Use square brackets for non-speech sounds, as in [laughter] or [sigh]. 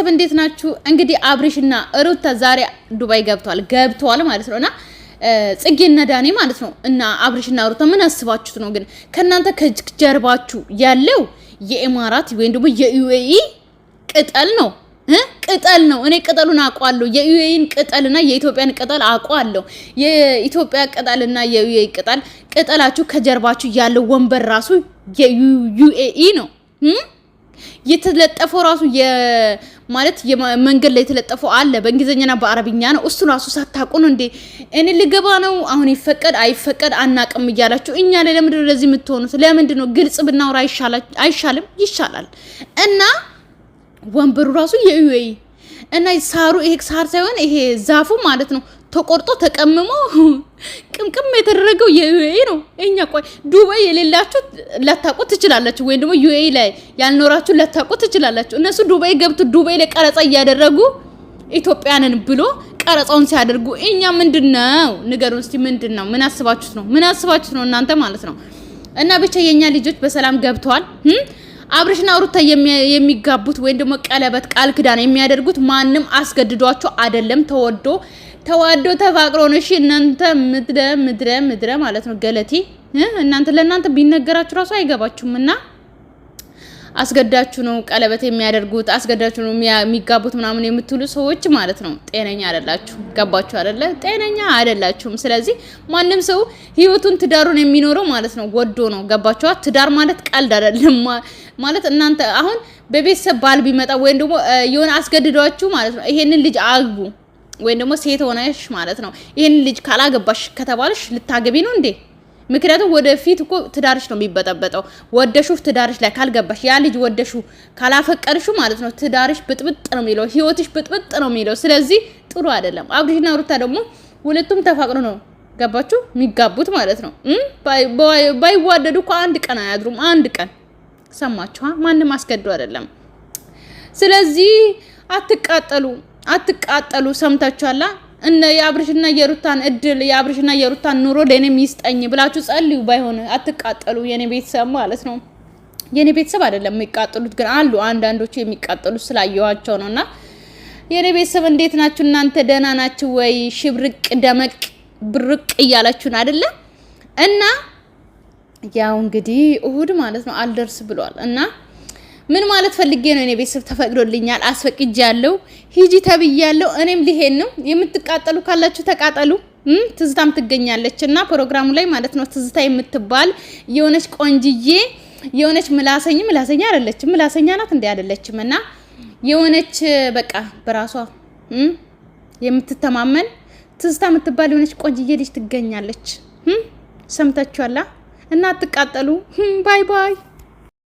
ቤተሰብ እንዴት ናችሁ? እንግዲህ አብሪሽና ሩታ ዛሬ ዱባይ ገብተዋል ገብተዋል ማለት ነው እና ጽጌና ዳኔ ማለት ነው እና አብሪሽና ሩታ ምን አስባችሁት ነው ግን ከእናንተ ከጀርባችሁ ያለው የኢማራት ወይም ደግሞ የዩኤኢ ቅጠል ነው ቅጠል ነው። እኔ ቅጠሉን አውቀዋለሁ። የዩኤን ቅጠልና የኢትዮጵያን ቅጠል አውቀዋለሁ። የኢትዮጵያ ቅጠልና የዩኤ ቅጠል ቅጠላችሁ ከጀርባችሁ ያለው ወንበር ራሱ የዩኤኢ ነው። የተለጠፈው ራሱ ማለት መንገድ ላይ የተለጠፈው አለ በእንግሊዝኛና በአረብኛ ነው። እሱ ራሱ ነው እንዴ እኔ ልገባ ነው አሁን ይፈቀድ አይፈቀድ አናቅም እያላችሁ እኛ ላይ ለምድ ለዚህ የምትሆኑት? ለምንድን ነው ግልጽ ብናወራ አይሻልም? ይሻላል እና ወንበሩ ራሱ የዩኤ እና ሳሩ ይሄ ሳር ሳይሆን ይሄ ዛፉ ማለት ነው ተቆርጦ ተቀምሞ [laughs] ቅምቅም የተደረገው የዩኤ ነው። እኛ ቆይ ዱባይ የሌላችሁ ላታቁ ትችላላችሁ፣ ወይም ደግሞ ዩኤ ላይ ያልኖራችሁ ላታቁ ትችላላችሁ። እነሱ ዱባይ ገብቶ ዱባይ ላይ ቀረጻ እያደረጉ ኢትዮጵያንን ብሎ ቀረጻውን ሲያደርጉ እኛ ምንድን ነው ንገሩን እስቲ፣ ምንድን ነው? ምን አስባችሁት ነው? ምን አስባችሁት ነው እናንተ ማለት ነው። እና ብቻ የእኛ ልጆች በሰላም ገብተዋል። አብርሽና ሩታ የሚጋቡት ወይም ደግሞ ቀለበት ቃል ክዳን የሚያደርጉት ማንም አስገድዷቸው አይደለም። ተወዶ ተዋዶ ተፋቅሮ ነው። እሺ እናንተ ምድረ ምድረ ምድረ ማለት ነው ገለቴ እናንተ ለእናንተ ቢነገራችሁ ራሱ አይገባችሁም እና አስገዳችሁ ነው ቀለበት የሚያደርጉት አስገዳችሁ ነው የሚጋቡት ምናምን የምትሉ ሰዎች ማለት ነው ጤነኛ አይደላችሁ። ገባችሁ አይደለ? ጤነኛ አይደላችሁም። ስለዚህ ማንም ሰው ህይወቱን ትዳሩን የሚኖረው ማለት ነው ወዶ ነው። ገባችኋ? ትዳር ማለት ቀልድ አይደለም። ማለት እናንተ አሁን በቤተሰብ ባል ቢመጣ ወይም ደግሞ የሆነ አስገድዷችሁ ማለት ነው ይሄንን ልጅ አግቡ ወይም ደግሞ ሴት ሆነሽ ማለት ነው ይሄንን ልጅ ካላገባሽ ከተባለሽ ልታገቢ ነው እንዴ? ምክንያቱም ወደፊት እኮ ትዳርሽ ነው የሚበጠበጠው። ወደሹ ትዳርሽ ላይ ካልገባሽ ያ ልጅ ወደሹ ካላፈቀድሹ ማለት ነው ትዳርሽ ብጥብጥ ነው የሚለው፣ ህይወትሽ ብጥብጥ ነው የሚለው። ስለዚህ ጥሩ አይደለም። አብርሽና ሩታ ደግሞ ሁለቱም ተፋቅሮ ነው ገባችሁ የሚጋቡት ማለት ነው። ባይዋደዱ እኮ አንድ ቀን አያድሩም። አንድ ቀን ሰማችኋ? ማንም አስገዱ አይደለም። ስለዚህ አትቃጠሉ፣ አትቃጠሉ። ሰምታችኋላ? እነ የአብርሽና የሩታን እድል የአብርሽና የሩታን ኑሮ ለኔ ሚስጠኝ ብላችሁ ጸልዩ። ባይሆን አትቃጠሉ፣ የኔ ቤተሰብ ማለት ነው። የኔ ቤተሰብ አይደለም የሚቃጠሉት፣ ግን አሉ አንዳንዶቹ የሚቃጠሉት ስላየኋቸው ነው። እና የኔ ቤተሰብ እንዴት ናችሁ እናንተ? ደህና ናችሁ ወይ? ሽብርቅ ደመቅ ብርቅ እያላችሁን አይደለም? እና ያው እንግዲህ እሁድ ማለት ነው አልደርስ ብሏል እና ምን ማለት ፈልጌ ነው? እኔ ቤተሰብ ተፈቅዶልኛል፣ አስፈቅጃለሁ፣ ሂጂ ተብያለሁ። እኔም ሊሄን ነው። የምትቃጠሉ ካላችሁ ተቃጠሉ። ትዝታም ትገኛለች እና ፕሮግራሙ ላይ ማለት ነው። ትዝታ የምትባል የሆነች ቆንጅዬ የሆነች ምላሰኝ ምላሰኛ አይደለችም፣ ምላሰኛ ናት እንደ አይደለችም። እና የሆነች በቃ በራሷ የምትተማመን ትዝታ የምትባል የሆነች ቆንጅዬ ልጅ ትገኛለች። ሰምታችኋላ እና አትቃጠሉ። ባይ ባይ